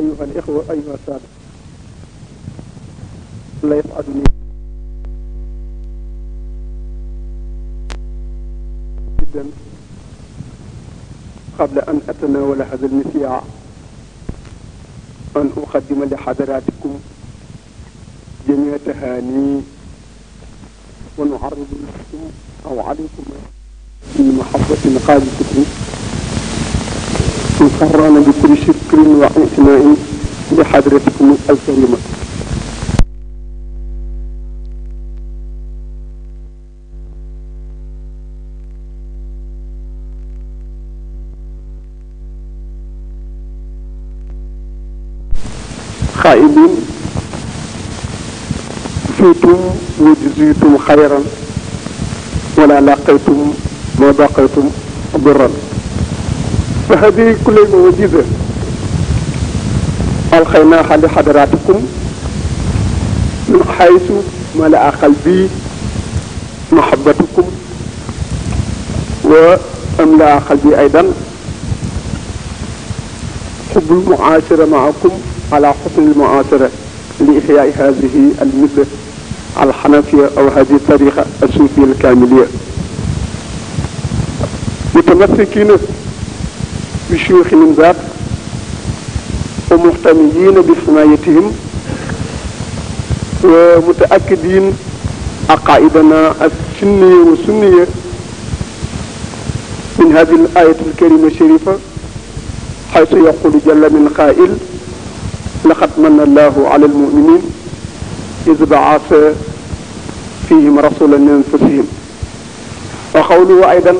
أيها الإخوة أيها السادة لا يسعدني جدا قبل أن أتناول هذا المسيع أن أقدم لحضراتكم جميع تهاني ونعرض لكم أو عليكم من محبة قادمة مسرعنا بكل شكر وإثناء لحضرتكم الكريمه خائبين فيتم وجزيتم خيرا ولا لقيتم ما باقيتم ضرا فهذه كل المعجزة ألقيناها لحضراتكم من حيث ملأ قلبي محبتكم وأملأ قلبي أيضا حب المعاشرة معكم على حسن المعاشرة لإحياء هذه المدة الحنفية أو هذه الطريقة الصوفية الكاملية متمسكين بشيوخ من ذات ومهتمين بصنايتهم ومتأكدين عقائدنا السنية والسنية من هذه الآية الكريمة الشريفة حيث يقول جل من قائل لقد من الله على المؤمنين إذ بعث فيهم رسولا من أنفسهم وقوله أيضا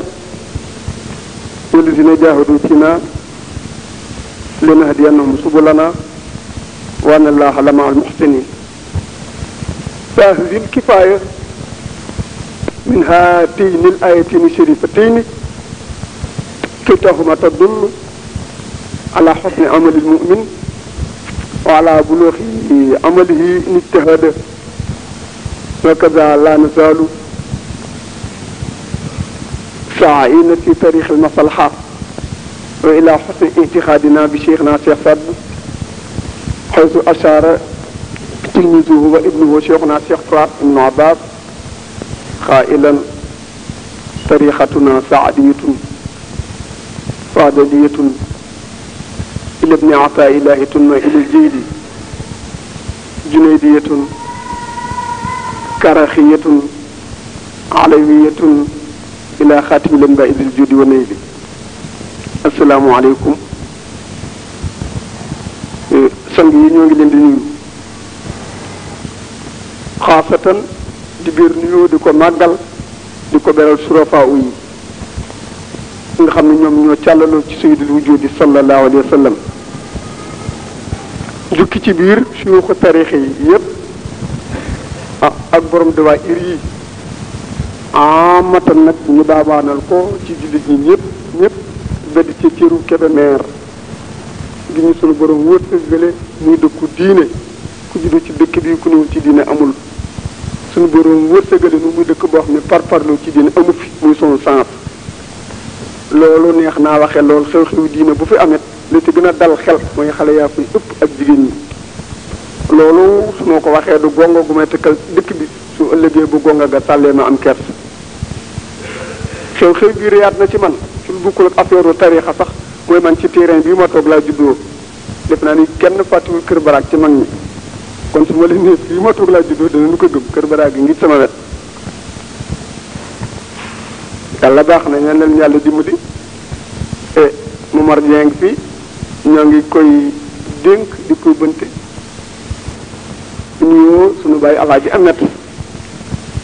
الذين جاهدوا فينا لنهدينهم سبلنا وأن الله لمع المحسنين فهذه الكفاية من هاتين الآيتين الشريفتين كلتاهما تدل على حسن عمل المؤمن وعلى بلوغ عمله ان اجتهد وكذا لا نزال كعائنة في تاريخ المصلحة وإلى حسن اعتقادنا بشيخنا شيخ فرد حيث أشار تلميذه وابنه شيخنا شيخ فرد بن عباس قائلا طريقتنا سعدية صادلية إلى ابن عطاء الله ثم إلى الجيل جنيدية كرخية علوية الى خاتم الانباء ذي الجود judi السلام عليكم bi نيوغي لين دي نيو خاصه دي بير نيو ديكو ماغال ديكو بيرال di وي màggal di ko nga xam ne ñoo cyallalo ci sayyidul wujudi sallallahu alayhi wasallam jukki ci biir suyuuxu tarix yi yépp ak borom dawaa ir yi amatan nag ñu daabaanal ko ci jullit ñi ñëpp ñëpp ba di ci ciru Kébémer gi ñu sunu borom wërsëgale muy dëkku diine ku juddu ci dëkk bi ku ñëw ci diine amul sunu borom wërsëgale nu muy dëkk boo xam ne par parloo ci diine amu fi muy son sens loolu neex naa waxe lool xew-xew diine bu fi amet li ci gën a dal xel mooy xale yaa fay ëpp ak jigéen ñi loolu su ma ko waxee du gongo gu may tëkkal dëkk bi su ëllëgee bu gonga ga sàllee na am kert xew-xew bi rëyaat na ci man ci lu bukkul ak tariixa sax mooy man ci terrain bi ma toog laa juddoo def naa ni kenn fàttewul kër baraag ci mag ñi kon su ma leen ne fii ma toog laa juddoo danañu ko gëm kër baraag gi ngi sama wet yàlla baax na ñaan leen yàlla dimbali e Momar Dieng fii ñoo ngi koy dénk di koy bënte nuyoo suñu bàyyi alaaji amet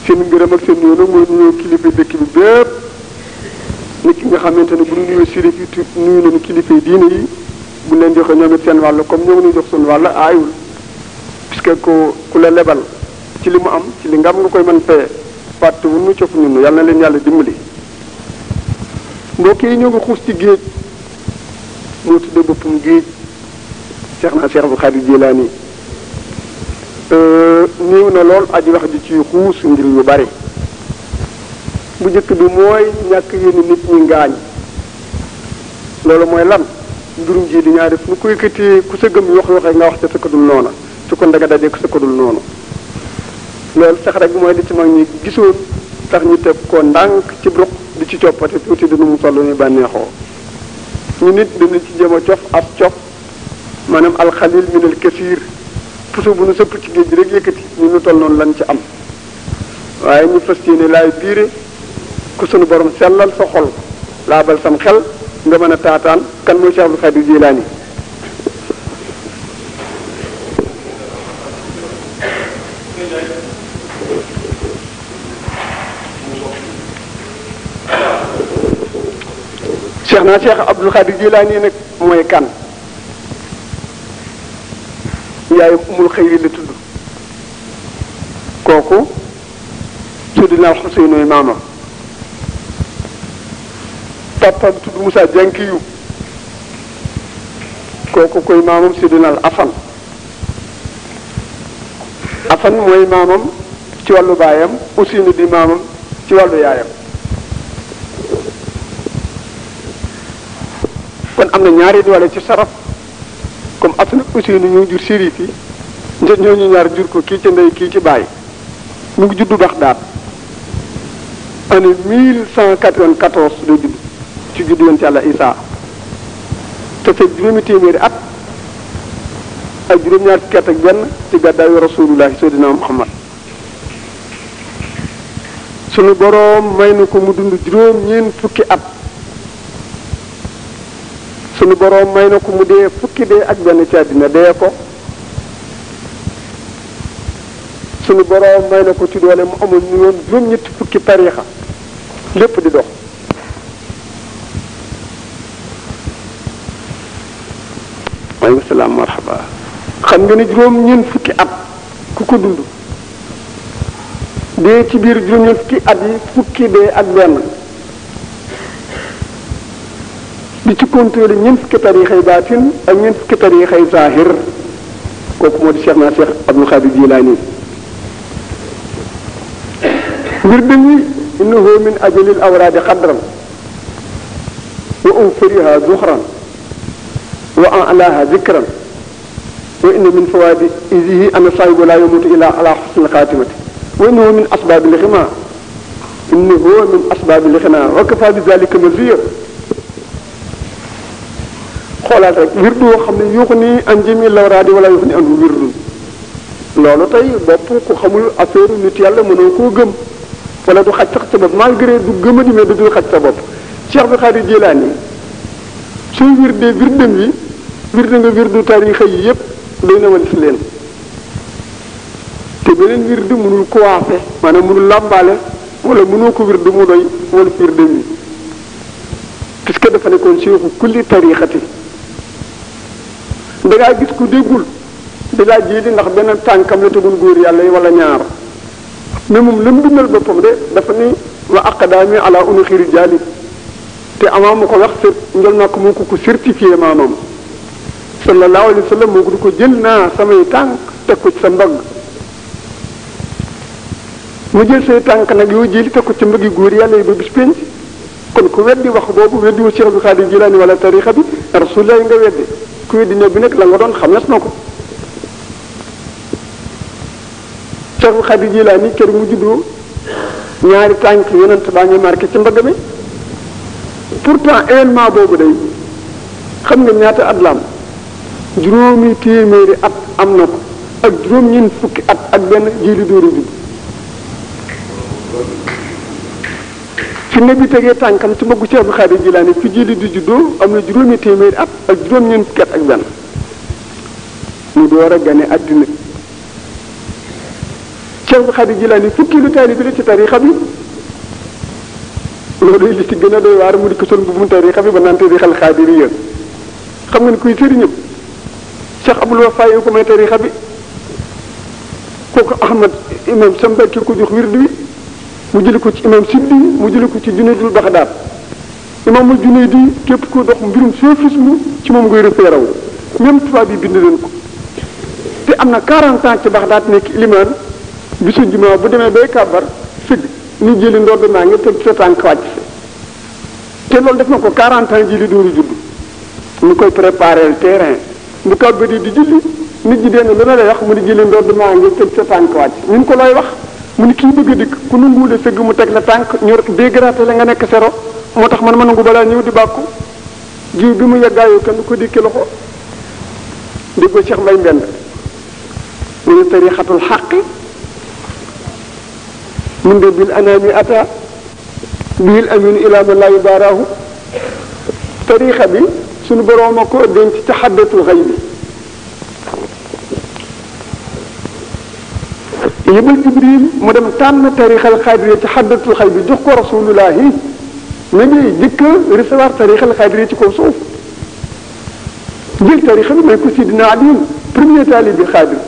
seen ngërëm ak seen nuyoo nag mooy nuyoo kilifa dëkk bi bépp nit ki nga xamante ne bu ñu si sirif yi nuyu nañu kilifa yi diine yi bu leen joxe ñoom seen wàll comme ñoo ngi jox seen wàll aayul puisque ko ku la lebal ci li mu am ci li nga am nga koy mën paye pàtt wu nu cof ñun yàlla na leen yàlla dimbali mbokk yi ñoo ngi xuus ci géej moo tuddee boppam géej seex naa seex bu xarit Jilaani euh, néew na lool aji wax ji ci xuus ngir yu bari bu njëkk bi mooy ñàkk yéene nit ñi ngaañ loolu mooy lan njurum ji di ñaari def nu ko yëkkati ku sa gëm wax waxee nga wax ca sa ko dul su ko ndaga dajee ku sa ko dul noonu loolu sax rek mooy di ci mag ñi gisoon tax ñu teg ko ndànk ci bruq di ci te tuuti dina mu toll ni bànneexoo ñu nit dina ci jëm a cof ab cof maanaam alxalil minal kasiir puso bu nu sëpp ci géej gi rek yëkkati ñu nu toll noonu lan ci am waaye ñu fas yéene laay biire ku suñu borom sellal sa xol laabal sam xel nga mën a taataan kan mooy Cheikh Abdou Khadir Jilaani Cheikh naa Cheikh Abdou Khadir Jilaani nag mooy kan yaayu umul xëyri la tudd kooku tudd naa Xuseynu maamam papam tudd Moussa yu kooku koy sidina al afan afan moy mamam ci wàllu bayam, usini di mamam ci walu yayam kon amna ñaari di walé ci saraf comme afan usini ñu jur sirif ñoo ñu ñaar jur ko ki ci ndey ki ci bay mu ngi juddu baxdaat année 1194 do judd ci juddu ci yàlla Isaa te fekk juróomi téeméeri at ak juróom-ñaar fukki at ak benn ci gàddaayu rasulullahi sayyidina Muhammad sunu boroom may na ko mu dund juróom-ñeent fukki at sunu boroom may na ko mu dee fukki dee ak benn ci àddina dee ko sunu boroom may na ko ci doole mu amul ñu juróom-ñetti fukki tariixa lépp di dox عليكم السلام مرحبا خم نغي نجوم نين فكي اب كوكو دوندو دي تي بير جوم نين فكي اب فكي بي اك بن دي تي كونتول نين فكي تاريخي باطن اك نين فكي تاريخي ظاهر كوكو مود شيخنا شيخ عبد الخالق جيلاني غير دني انه من اجل الاوراد قدرا وانفرها ذخرا وأعلاها ذكرا وإن من فوائد إذه أن صاحبه لا يموت إلا على حسن الخاتمة وإنه من أسباب الغنى إنه هو من أسباب الغنى وكفى بذلك مزير خلاص رك ورد وخم يغني عن جميع الأوراد ولا يغني عنه ورد لولو تاي طيب، بوب كو خمول افير نيت يالا مونو كو گم فلا دو خاتخ سبب مالغري دو گم دي مي دو خاتخ سبب شيخ بخاري جيلاني سي ورد ورد مي wirdu nga wirdu tarixa yi yépp doy na walis leen te beneen wirdu mënul kuwaase maanaam mënul làmbaale wala mënoo ko wirdu mu doy walis wirdu yi puisque dafa nekkoon seexu kulli tarixati dangaa gis ku déggul di laa jiidi ndax beneen tànkam la tegul góor yàlla yi wala ñaar mais moom la mu bindal boppam de dafa ni wa aqdaami ala unuxiri jaali te amaam mu ko wax te naa ko mu ko ko certifié maanaam sallallahu alayhi wa sallam moo ko di ko jël naa samay tànk teg ko ci sa mbagg mu jël say tànk nag yoo jëli teg ko ci mbagg yi góor yàlla yi ba bis penc kon ku weddi wax boobu weddi wu Cheikh Abdou Khadir Jilaani wala tarixa bi rasulullah nga weddi ku weddi ne bi nekk la nga doon xam nes na ko Cheikh Abdou Khadir Jilaani kër mu juddoo ñaari tànk yonent baa ngi marqué ci mbagg mi pourtant événement boobu day xam nga ñaata at la juróomi téeméeri at am na ko ak juróom ñeent fukki at ak benn jii li dóoru judd fi ne bi tegee tànkam ci mbaggu Cheikh Abdou Khadir Jilani fi ji li am na juróomi téeméeri at fukki benn mu door a gane àddina Cheikh Abdou Khadir Jilani fukki lu taalibe la ci tariixa bi loolu li ci gën a doy waar mu di ko sol bu mu tariixa bi ba naan tariixal xaadiriya xam nga ni kuy sëriñam Cheikh Abdul Wafa yi ko may tarixa bi kooku Ahmad imam sa Mbàkke ko jox wird bi mu jëli ko ci imam Siddi mu jëli ko ci Junaydul Baxdaad imaamul Junaydi képp ko dox mbirum soufisme ci moom ngay repérer raw même tubaab bi bind leen ko te am na 40 ans ci Baxdaad nekk ilimaan bisu jumaa bu demee bay kàbbar sëgg ni jëli ndodd naa ngi teg sa tànk wàcc te loolu def na ko 40 ans ji li dooru judd ñu koy préparer terrain bu kàbbari di julli nit ñi denn lu ne lay wax mu ni jëli ndodd maa ngi teg sa tànk wàcc ñu ko looy wax mu ni kii bëgg a dikk ku nu nguule sëgg mu teg la tànk ñu dégraté la nga nekk sero moo tax man ma nangu balaa ñëw di bàkku jiw bi mu yeggaayu kenn ko dikki loxo déggoo Cheikh Mbay Mbend mu ni tariixatul xaqi mun de bil anaami ata bil aminu ilaa ma laa yubaaraahu tariixa bi sunu boroom a ko denc ci xaddatul xëy bi yëbal jibril mu dem tànn tarixal xaadiriya ci xaddatul xëy bi jox ko rasulullahi mi ngi jëkk a recevoir tarixal xaadiriya ci kaw suuf jël tarixa bi may ko sidina alin premier taalibe bi xaadir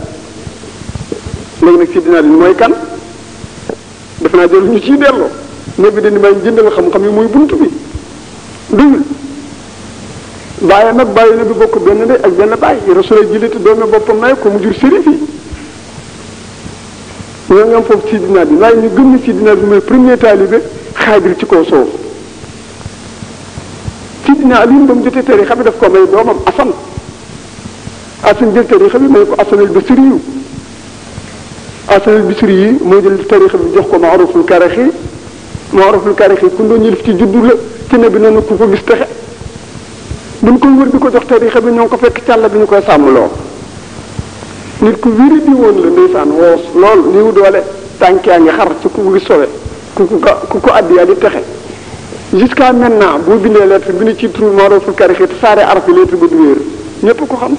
léegi nag sidina alin mooy kan def naa jël ñu ciy delloo ñebe dina may jëndal xam-xam yi mooy bunt bi bàyyi nag bàyyi na bi bokk benn ndey ak benn bàyyi rasulay jiliti doomi boppam nay ko mu jur sëriñ fi ñoo ngi am foofu sidina bi waaye ñu gëm bi mooy premier taalibe xaadir ci kaw soow sidina Aliyu ba mu jotee tariixa bi daf ko may doomam Asan Asan jël tariixa bi may ko Asanal Basri yu Asanal yi moo jël tariixa bi jox ko Maaruful Karaxi Maaruful Karaxi ku doon yëlif ci juddu la ci ne bi noonu ko gis texe buñ ko wër di ko jox tarixa bi ñoo ko fekk càll bi ñu koy sàmmloo nit ku wiri di woon la ndeysaan woos lool niw doole tànkiyaa ngi xar ci ku ngi sowe ku ko ku ko addiyaa di texe jusqu'à maintenant boo bindee lettre bi ni ci trou mooro fu kari xiit saare arfi lettre ba du wéer ñépp ko xam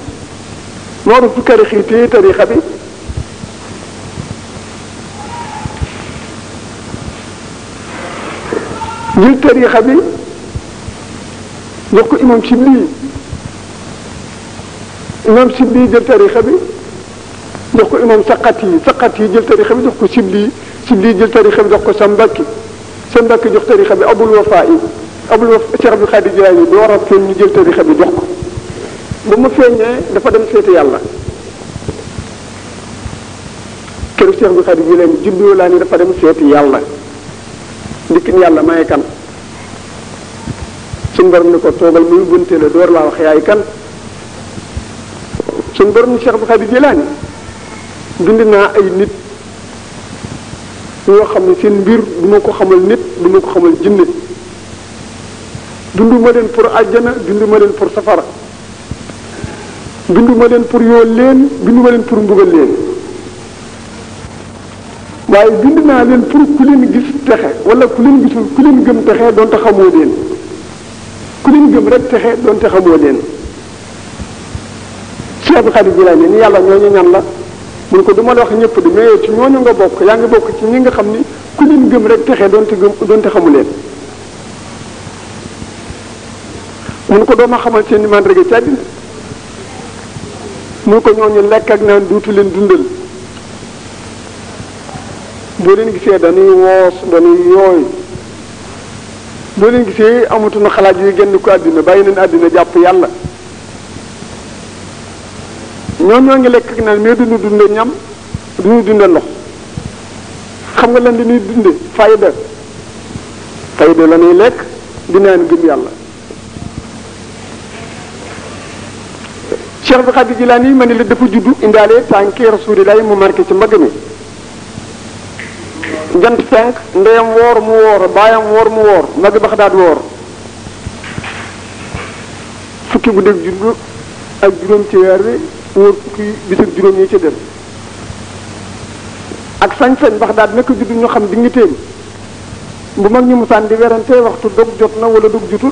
mooro fu kari xiitee tarixa bi jël tarixa bi wax ko imam Shibli imam Shibli jël tarixa bi jox ko imam saqat yi saqat yi jël tarixa bi jox ko Shibli Shibli jël tarixa bi jox ko sa Sambakki Sambakki jox tarixa bi Abul Wafa yi Abul Wafa Cheikh Abdul Xaadir Jilaani bi waral kenn ñu jël tarixa bi jox ko ba mu feeñee dafa dem seeti yàlla keroog Cheikh Abdul Xaadir Jilaani juddoo laa ni dafa dem seeti yàlla ndikkin yàlla maye kan suñ borom ne ko toogal muy buntee la door laa wax yaay kan suñ borom ni Cheikh Abdou Khadir Jilaani bind naa ay nit yoo xam ne seen mbir duma ko xamal nit duma ko xamal jinne dundu ma leen pour àjjana dundu ma leen pour safara bindu ma leen pour yoo leen bindu ma leen pour mbugal leen waaye bind naa leen pour ku leen gis texe wala ku leen gisul ku leen gëm texe doonte xamoo leen ku leen gëm rek texe doonte xamoo leen ci Abdul Xaadir Jilaani ni yàlla ñooñu ñan la mun ko du wax ñépp du mais ci ñooñu nga bokk yaa ngi bokk ci ñi nga xam ni ku leen gëm rek texe doonte gëm doonte xamu leen mun ko dooma xamal seen ni man rege ci àddina mun ko ñooñu lekk ak naan duutu leen dundal boo leen gisee dañuy woos dañuy yooy boo leen gisee amatuñu xalaat yi génn ko àddina bàyyi nañ àddina jàpp yàlla ñoom ñoo ngi lekk naan mais duñu dunde ñam duñu dunde ndox xam nga leen la ñuy dunde fayda fayda la ñuy lekk du naan gëm yàlla bi Abdou Khadre Jilani ma ne la dafa juddu indaale tànki Rasulillahi mu marqué ci mbagg mi jant fenk ndeyam woor mu woor baayam woor mu woor magi baxdaad woor fukki guddi ak juróom ak juróom ci weer wi wóor fukki bis ak juróom yi ci dem ak sañ-sañ baxdaad nekk juddu ñu xam dignitéem bu mag ñu musaan di werante waxtu dog jot na wala dog jotul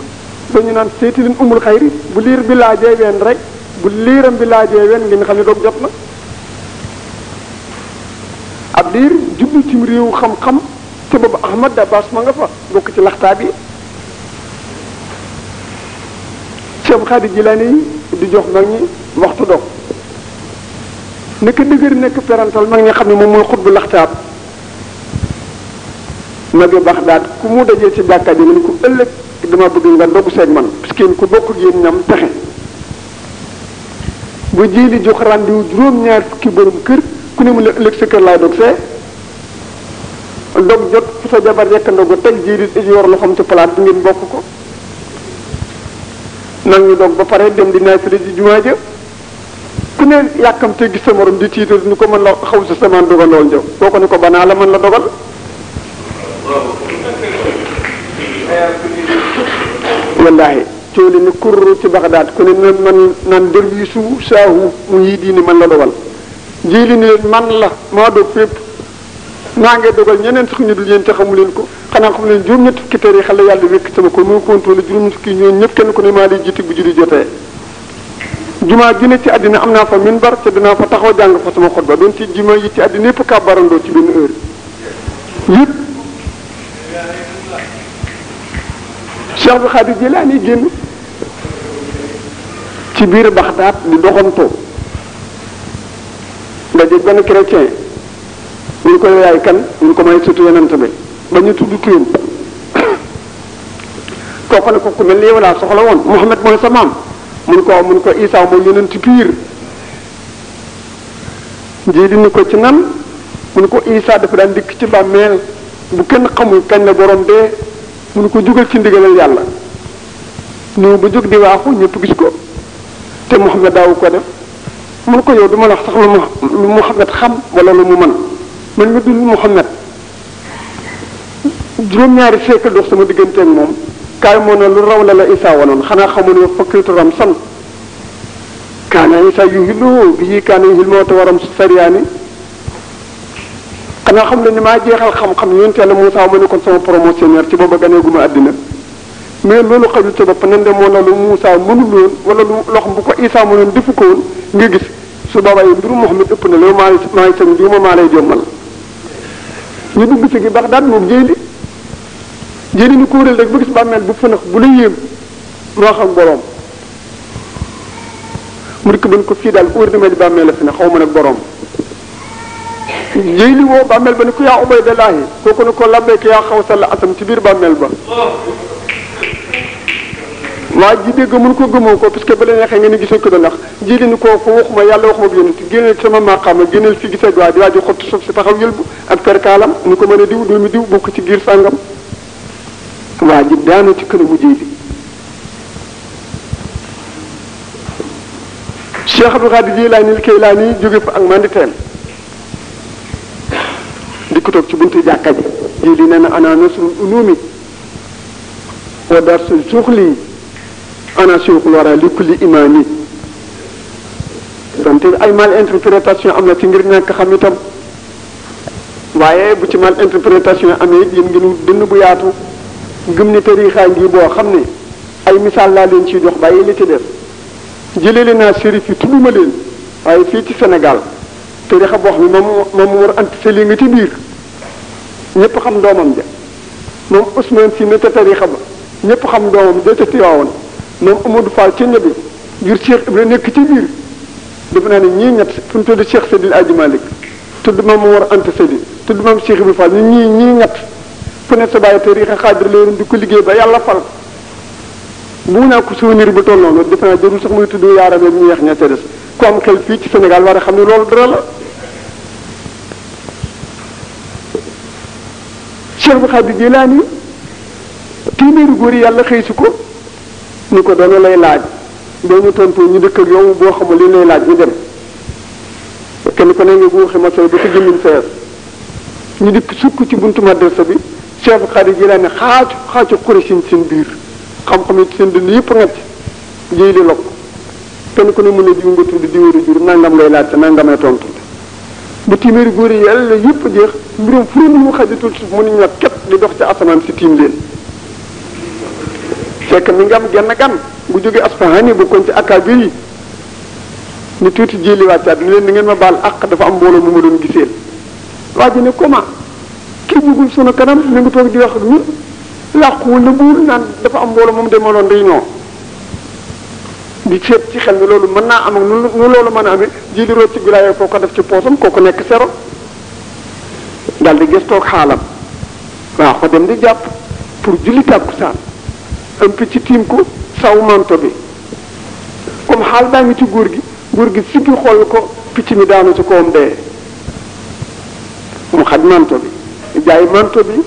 dañu naan seeti leen umul xayri bu liir bi laajee ween rek bu liiram bi laajee ween ngeen xam ne dog jot na liir jublu ci réew xam-xam te boobu Ahmad Dabas ma nga fa bokk ci laxtaab yi Cheikh Xaadir Jilaani yi di jox mag ñi waxtu doog nekk dëgër nekk perantal mag ñi xam ne moom mooy xutbu laxtaab magi baax daat ku mu dajee ci bi ji ni ku ëllëg dama bëgg nga dogg seeg man parce que ku bokk yéen ñam texe bu jii li jox rendez-vous juróom-ñaar fukki borom kër ku ne mu lekk lekk sa kër laay dog see dog jot fu sa jabar yekk ndogu teg jii di di yor loxoom ci palaat bi ngeen bokk ko nag ñu dog ba pare dem di naaj fële di jumaa ja ku ne yàkkamte gis sa morom di tiital ni ko mën la xaw sa semaan dogandool njëw boo ko ni ko banaa la mën la dogal wallaahi coow li ni kurru ci Bagdaad ku ne man naan dër wi suu yii diini mën la dogal njiili ni leen man la maa doog fépp maa ngi ñeneen sax ñu dul yéen xamu leen ko xanaa xam leen juróom ñett fukki tari xale yàlla wékk sama ko mu contrôlé juróom ñett fukki ñoom ñëpp kenn ku ne maa di jumaa ju ci àddina am naa fa minbar te dinaa fa taxaw jàng fa sama xutba doon ci jumaa yi ci àddina yëpp kaa barandoo ci benn heure yëpp Cheikh bi Xaadir Jilaani génn ci biir Baxdaad di doxantoo daje benn chrétien ñu ko yaay kan ñu ko may sutu yonent bi ba ñu tudd turam kooku ne ko mel ni yow laa soxla woon Muhammad mooy sa maam mun ko mun ko Isa mooy yonent piir njii di ni ko ci nan mun ko Isa dafa daan dikk ci bàmmeel bu kenn xamul kañ la borom dee mun ko jugal ci ndigalal yàlla ñëw bu jóg di waaxu ñëpp gis ko te Muhammad ko def mun ko yow duma la wax sax lu mu muhammad xam wala lu mu man man nga dul muhammad juróom ñaari siècle dox sama diggante ak moom kaay moo ne lu raw la la isa wanoon xanaa xamoon wax fakkiitu ram san kaana isa yu hillu bi yi kaana yu hilmoo te waram sariyaani xanaa xam ne ni maa jeexal xam-xam yonte la Moussa mu ne kon sama promotionnaire ci booba ganeeguma àddina mais loolu xalu sabab nandem wala lu Moussa mënul woon wala lu loxam bu ko Isa mënoon defu ko woon nga gis su boobaa yi mbiru Mouhamed ëpp na loolu maa lay maa lay sëñ bii ma maa lay jommal ñu dugg si gi Baxdaad moom jéeli jéeli ñu kóoral rek ba gis bàmmeel bu fënax bu la yéem moo xam borom mu rek bañ ko fii daal óor na ma di bàmmeel la fi ne xaw ma nag borom yéy li woo bàmmeel ba ne ko yaa ubay dalaahi kooku ne ko labbeek yaa xaw sall asam ci biir bàmmeel ba waa ji dégg mun ko gëmoo ko parce que ba la neexee nga ne gisal ko da ndax ji leen kooku waxuma yàlla waxuma bi yonent génneel sama maqaama génneel fi gis ak waa di waa ji xottu suuf si taxaw yëlbu ak perkaalam ñu ko mën a diw doomi diw bokk ci giir sàngam waa ji daanu ci kanamu jiy bi cheikh abdou xaadi jilaani kaylaani jóge fa ak manditeem di ko toog ci buntu jàkka ji ji li nee na anaa nasul unumi wa darsul suxli ana siyuuxul wara li kulli imaami donte ay mal interprétation am na ci ngir ñàkk xam itam waaye bu ci mal interprétation amee it yéen ngeen dënn bu yaatu gëm ne tariixa ngi boo xam ne ay misaal laa leen ciy jox bàyyi li ci def jëlee leen naa sérif yi tudduma leen waaye fii ci Sénégal tariixa boo xam ne moom moom war ant seli nga ci biir ñëpp xam doomam ja moom Ousmane si ne ca tariixa ba ñëpp xam doomam ja ca Tiwaawoon moom Amadou Fall ca ñebe ngir Cheikh Ibrahima nekk ci biir defe naa ne ñii ñett fu ñu tudd Cheikh Seydil Aji Malick tudd maam Mor Anta Seydi tudd maam Cheikh bi Fall ñun ñii ñii ñett fu ne sa bàyyi tariixa xaadir la yoroon di ko liggéey ba yàlla fal bu naa ko souvenir bu toll noonu defe naa jarul sax muy tudd yaaram ak ñu yeex ña ca des ku am xel fii ci Sénégal war a xam ne loolu dara la. Cheikh bi Xaadir Jilaani téeméeri góor yi yàlla xëy si ko. ni ko dana lay laaj doo ñu tontu ñu dëkk ak yow boo xamul li lay laaj ñu dem kenn ku ne nga guuxi ma sow ba sa jëmmiñ fees ñu dëkk sukk ci buntu madrasa bi chef xarit ji laa ne xaacu xaacu xuri sin seen biir xam-xam it seen dund yëpp nga ci jiy li lokk kenn ku ne ne diw nga tudd diwaru jur nangam lay laaj te nangam la tontu ba téeméeri góor yi yàlla yëpp jeex mbirum furum mu xajatul suuf mënuñu wax képp di dox ci asamaan si tiim leen fekk mi nga am genn gan bu jóge asfahani kon ci akabir bi ni tuuti jéeliwaataat ni leen na ngeen ma baal àq dafa am mbooloo mu ma doon giseel waa ji ne comment kii bugul sunu kanam mi ngi toog di wax ñun làquwul la buul naan dafa am mbooloo moom dama doon réunion di seet ci xel ni loolu mën am ak nu loolu mën a amee ya, ci def ci poosam nekk sero dal di gestoog xaalam waaw nah, ko dem di jàpp pour julli tàkkusaan am picc tiim ko saw manto bi comme xaal baa ngi ci góor gi góor gi sippi xool ko picc mi daanu ci kawam dee mu xaj manto bi jaay manto bi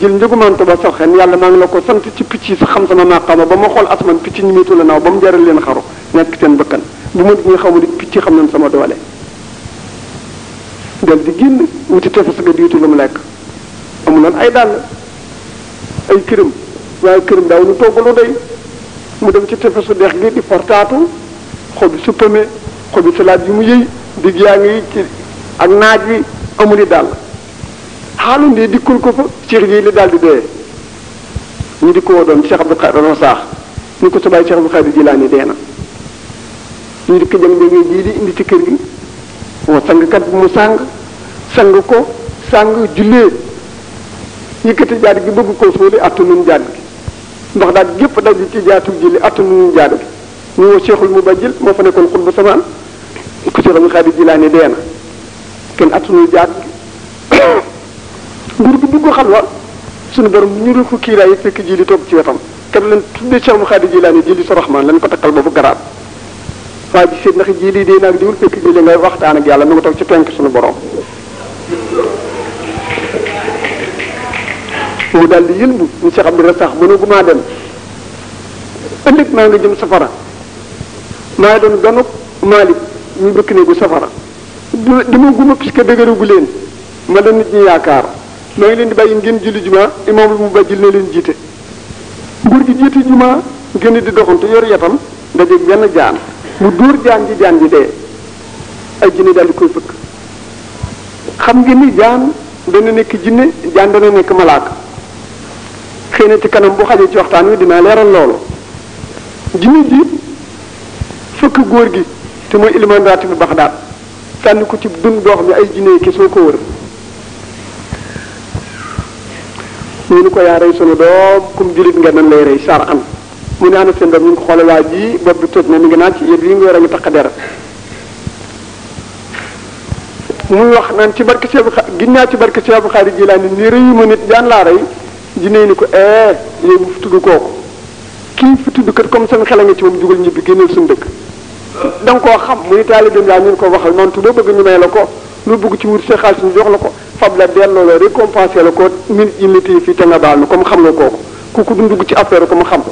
jël njëgu manto ba sax xen yàlla maa ngi la ko sant ci picc yi sax xam sama maqama ba ma xool asman picc ñi miitu la naaw ba mu jaral leen xaru nekk seen bëkkan bu ma di nga xamu di picc xam nañ sama doole del di génn wuti tefes ga diitu lu mu lekk amuloon ay dàll ay këram waaye kër daaw nu togg lu doy mu dem ci tefesu dex gi di portaatu xobi su pëme xobi salaat yi mu yëy digg yaa ngi ci ak naaj wi amuli dàll xaalum di dikkul ko fa Cheikh ji li daal di doyee ñu di ko woo doon Cheikh Abdou Khadre doon saax ñu ko sabaay Cheikh Abdou Khadre Jilaani dee na ñu di ko jëm jii di indi ci kër gi woo sangkat bu mu sàng sang ko sàng jullee yëkkati jaat gi bëgg koo sóoli attanun jaat gi ndax daal gépp di ci jaatu ji li attanuñu jaadu gi ñu woo cheikhul mubajjil moo fa nekkoon xutbu samaan ku ci ram xaadi jilaani dee na kenn attanuñu jaadu gi nguur gi dugg xalwa suñu borom ñu dul ko kiiraay fekk ji li ci wetam kat leen tuddee cheikhul xaadi jilaani ji li sa rahmaan lañ ko takkal boobu garaab waa ji seet ndax ji lii dee naag diwul fekk ji ngay waxtaan ak yàlla nu nga toog ci tenk suñu borom mu daal di yëlbu ñu Cheikh Abdou Rassakh mënagu maa dem ëllëg maa nga jëm safara maa doon ganuk Malik ñu bëkk ne bu safara dama guma puisque dëgëragu leen ma la nit ñi yaakaar maa ngi leen di bàyyi ngeen julli juma imaam lu mu bàjjil ne leen jiite nguur gi jiite juma ngeen di doxantu yor yatam dajeeg benn jaan mu dóor jaan ji jaan ji dee ay jinne daal di koy fëkk xam ngeen ni jaan dana nekk jinne jaan dana nekk malaaka xëy na ci kanam bu xajee ci waxtaan wi dinaa leeral loolu jinne ji fëkk góor gi te mooy bu raatibu daal sànni ko ci dund boo xam ne ay jinne ki soo ko wër ñu ni ko yaa rey sunu doom kum jullit nga nan lay mu ne ana seen doom ñu ngi ko xoole waa ji bopp bi toj na mi ngi naan ci yéen yi nga war a ngi takk der muy wax naan ci barke Seex ginnaaw ci barke Seex Xaadir Jilaani ni réyu ma nit jaan laa rey jinne ni ko eh yow bu fi tudd kooku kii fi tudd kat comme seen xel a nga ci moom jugal ñibbi génneel suñu dëkk da nga koo xam muy taalibeem laa ñu ko waxal noonu tu doo bëgg ñu may la ko lu bëgg ci wut sa xaalis ñu jox la ko fab la delloo la récompensé la ko min illiti fii te nga baal nu comme xam nga kooku ku ko dugg ci affaire ko mu xam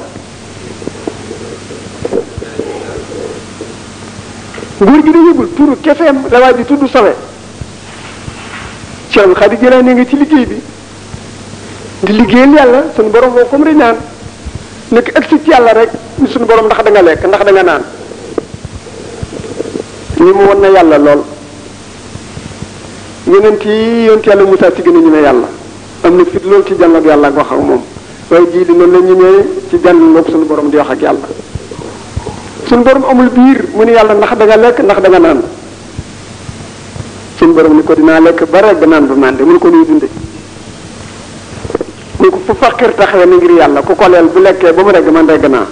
nguur gi da yëgul turu kefeem la waa ji tudd sawe Cheikh Xadi Jilaani nga ci liggéey bi di liggéeyal yàlla suñu borom moo kom ñaan nekk ëgsi ci yàlla rek ni suñu borom ndax da nga lekk ndax da nga naan ni mu won na yàlla lool yonent yi yonent yàlla Moussa ci gën a ne yàlla am na fit lool ci jàngat yàlla ak wax ak moom waaye jii di noonu la ñemee ci jàngat suñu borom di wax ak yàlla suñu borom amul biir mu ne yàlla ndax da nga lekk ndax da nga naan suñu borom ni ko dinaa lekk ba rek ba naan ba mànde mu ko nuy dundee fu faqir taxawee ni ngir yàlla ku koleel bu lekkee ba mu regg man regg naa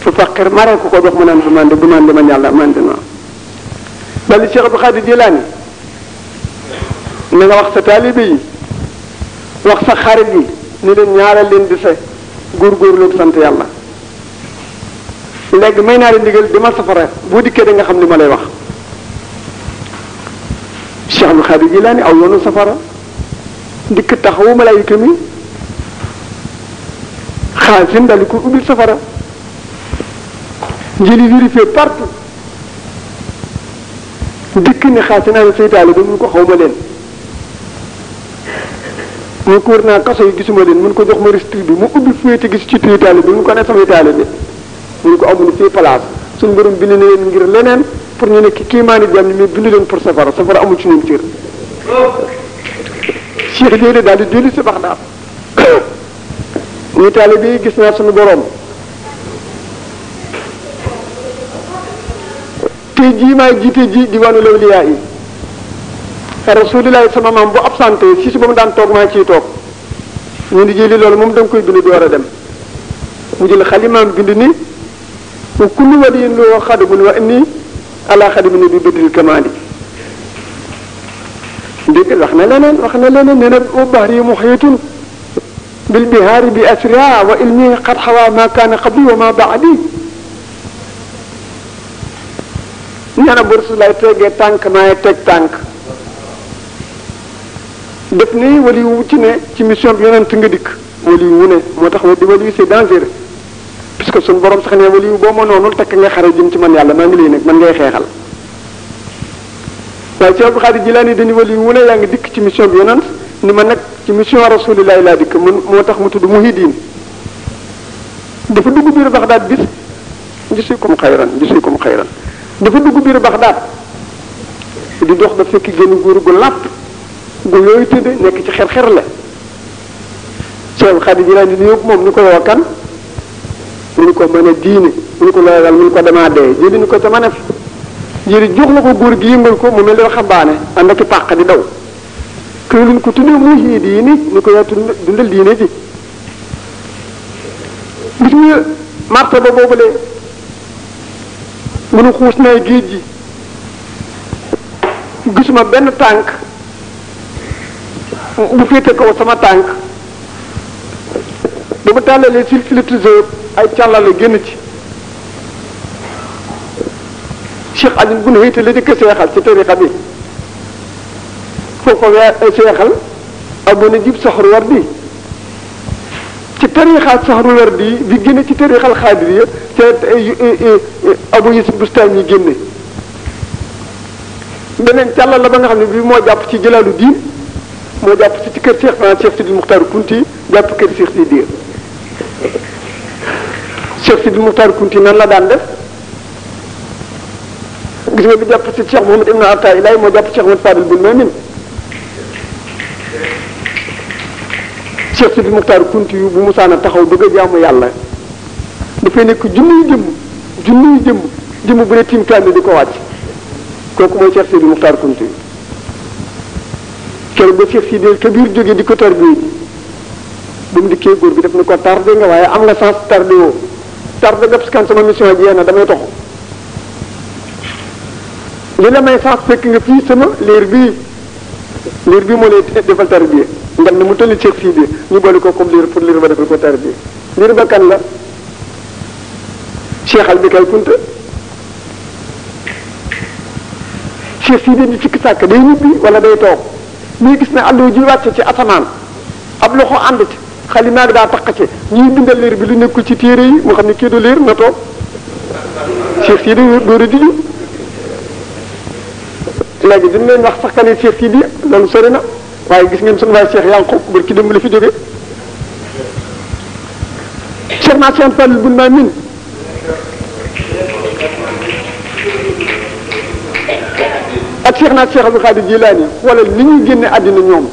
fu faqir mare ku ko jox mu naan du mandi du mandi man yàlla mandi naa bali cheikh abdou khadir jilani na nga wax sa taalibe yi wax sa xarit yi ni leen ñaara leen di sa góorgóorlu sant yàlla léegi may naa leen ndigal dama safara boo dikkee da nga xam li ma lay wax cheikh abdou khadir jilani aw yoonu safara dikk taxawu malaayika mi xaasin daal di ko ubbil safara njëli vérifié partout dikk ni xaasin ana say taalibe mun ko xaw ma leen ñu kuur naa kaso yi gisuma leen mun ko jox ma restri bi mu ubbi fuye te gis ci tuy taalibe mun ko ne samay taalibe mun ko amul fii place suñu borom bind na leen ngir leneen pour ñu nekk kiimaani jàmm ni mais bindu leen pour safara safara amul ci ñoom cër oh. Cheikh Jéeri daal di jëli si bax daal muy taalibe yi gis naa suñu borom tey jii maay jiite ji diwaanu lawliyaa yi rasulilaay sama maam bu absenté si si ba mu daan toog maa ciy toog ñu di jëli loolu moom da koy bind di war a dem mu jël xalimaam bind ni wa kullu waliyin loo xadimun wa inni wax na leneen wax na leneen nee na wa bahri muhiitun بالبهار بأسرها وإلمه قد حوى ما كان قبلي وما بعدي nee na bu Rasulullah tegee tànk maay teg tànk def ni wali wu ci ne ci mission bi yonent nga dikk wali wu ne moo tax wa di wali wu c'est dangereux puisque suñu borom sax ne wali wu boo ma noonul takk nga xare jëm ci man yàlla maa ngi lay nekk man ngay xeexal waaye ci Abdul Xaadir Jilaani dañu wali wu ne yaa ngi dikk ci mission bi yonent ni ma nag ci mission rasulillahi laa dikk mun moo tax mu tudd muhidin dafa dugg biir baxdaat bis jisikum xayran jisikum xayran dafa dugg biir baxdaat di dox ba fekk génn góor gu làpp gu yooyu tëdd nekk ci xer-xer la Cheikh Xadi Jilaani di yóbbu moom ni ko woo kan mu ni ko mën a diine mu ni ko loolal mu ni ko damaa dee jëli ni ko ca ma ne fi jëri jox la ko góor gi yëngal ko mu mel ni xambaane ànd ak i pàq di daw këy luñ ko tuddee muy diini ñu ko yaa dundal diine ji gis nga martaba boobule mu nu xuus nay géej gi gisuma benn tànk bu féete kaw sama tànk ba mu tàllalee silsilatizeur ay càllale génn ci Cheikh Alioune bu nu wéyte la jëkk seexal ci tarixa bi ko ko wee seexal amoon na jib soxru war di ci tariixaat soxru war di bi génne ci tariixal xaadiriya te eh, eh, eh, abu yusuf bustaan yi génne beneen càllal la ba nga xam ne bi moo jàpp ci jëlaalu diin moo jàpp ci ci kër Cheikh maanaam Cheikh Sidil Muxtaar Kunti jàpp kër Cheikh Sidi Cheikh Sidil Muxtaar Kunti nan la daan def gis bi jàpp ci Cheikh Mouhamed Ibn Atta Ilaay moo jàpp Cheikh Mouhamed Fadil Bun Mamin Sidi Muxtaar Kunti yu bu musaana taxaw bëgg a jaamu yàlla dafay nekk junniy jëmm junniy jëmm jëmm bu ne tiim kaamil di ko wàcc kooku mooy Cheikh Sidi Muxtaar Kunti yu keroog ba Cheikh Sidi di ko tarbiye ji ba mu dikkee góor bi daf ne ko tardé nga waaye am na sens tardé woo tardé nga parce que sama mission jeex na damay toxu li la may sens fekk nga fii sama leer bii leer bii moo lay defal tarbiye ngel na mu tolli ceeb ñu boole ko comme liir pour liir ba defal ko tarbiya liir ba kan la Cheikh Albikay Kunta Cheikh Sidi di sikki sàkk day ñibbi wala day toog muy gis ne àllo ji wàcce ci asamaan ab loxo ànd ci xalima daa taq ci ñuy bindal liir bi lu nekkul ci téere yi mu xam ne kii du liir na toog Cheikh Sidi dóor a loolu sori na waaye gis ngeen sunu baay Cheikh Yankoub bër ki dem la fi jóge Cheikh naa Cheikh Fall bun maa min ak Cheikh naa Cheikh Abdou Khadir Jilaani wala ni ñu génne àddina ñoom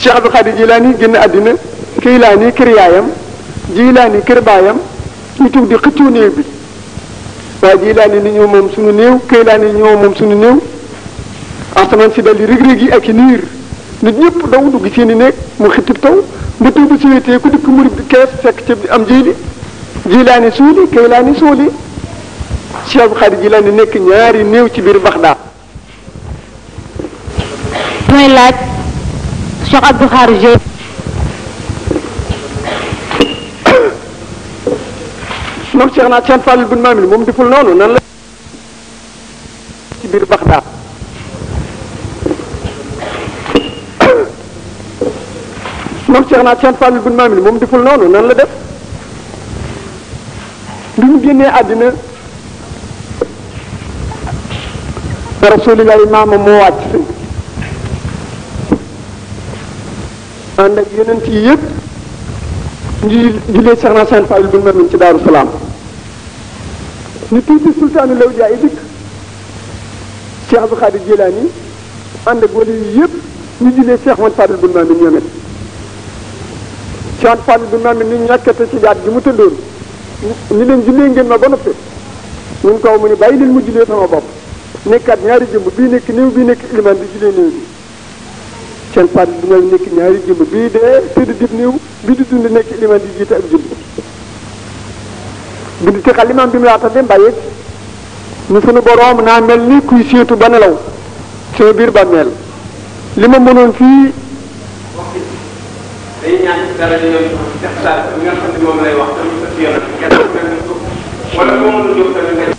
Cheikh Abdou Khadir Jilaani génne àddina Kaylaani kër yaayam Jilaani kër baayam ñu tudd di xëccoo néew bi waaye Jilaani ni ñoo moom sunu néew Kaylaani ñoo moom sunu néew asamaan si daldi rég rég yi ak i niir nit ñëpp daw dugg seen i néeg mu xittib taw ba taw ba si wéetee ku dikk murid kees fekk ci am jëy li jilaani suuli kaylaani suuli Cheikh Abdou Khadir Jilaani nekk ñaari néew ci biir Baxdaad mooy laaj Cheikh Abdou Khadir Jilaani moom Cheikh naa seen Fallou bin Mamil moom deful noonu nan la ci biir Baxdaad maam Cheikh naa Cheikh Fallou bin Maamil moom deful noonu nan la def bi mu génnee àddina rasulillahi maama moo wàcc si ànd ak yonent yi yëpp ñu jullee Cheikh naa Cheikh Fallou bin Maamil ci Daaru Salaam ñu tuuti sultaanu lawliyaa yi dikk Cheikh Abdou Khadir Jilaani ànd ak wali yi yëpp ñu jullee Cheikh man Fallou bin Maamil ñoom Cheikh Fall du noonu ni ñokkete ci baat gi mu tëddoon ni leen jullee ngeen ma ba noppi ñun kaw mu ni bàyyi leen mu jullee sama bopp nekkaat ñaari jëmb bii nekk néew bii nekk iliman bi jullee néew bi Cheikh Fall du noonu nekk ñaari jëmb bii dee tëdd dib néew bii di dund nekk iliman di jiite ak julli bi di tëxal limaam bi mu laata dem bàyyeeg ñu sunu boroom naa mel ni kuy séetu ba nelaw sama biir bàmmeel li ma mënoon fii day ñaan ci dara ñu doon def saa bi nga xam ne moom lay wax tamit sa si yoon ak kenn ku ne wala moo mën a jóg tamit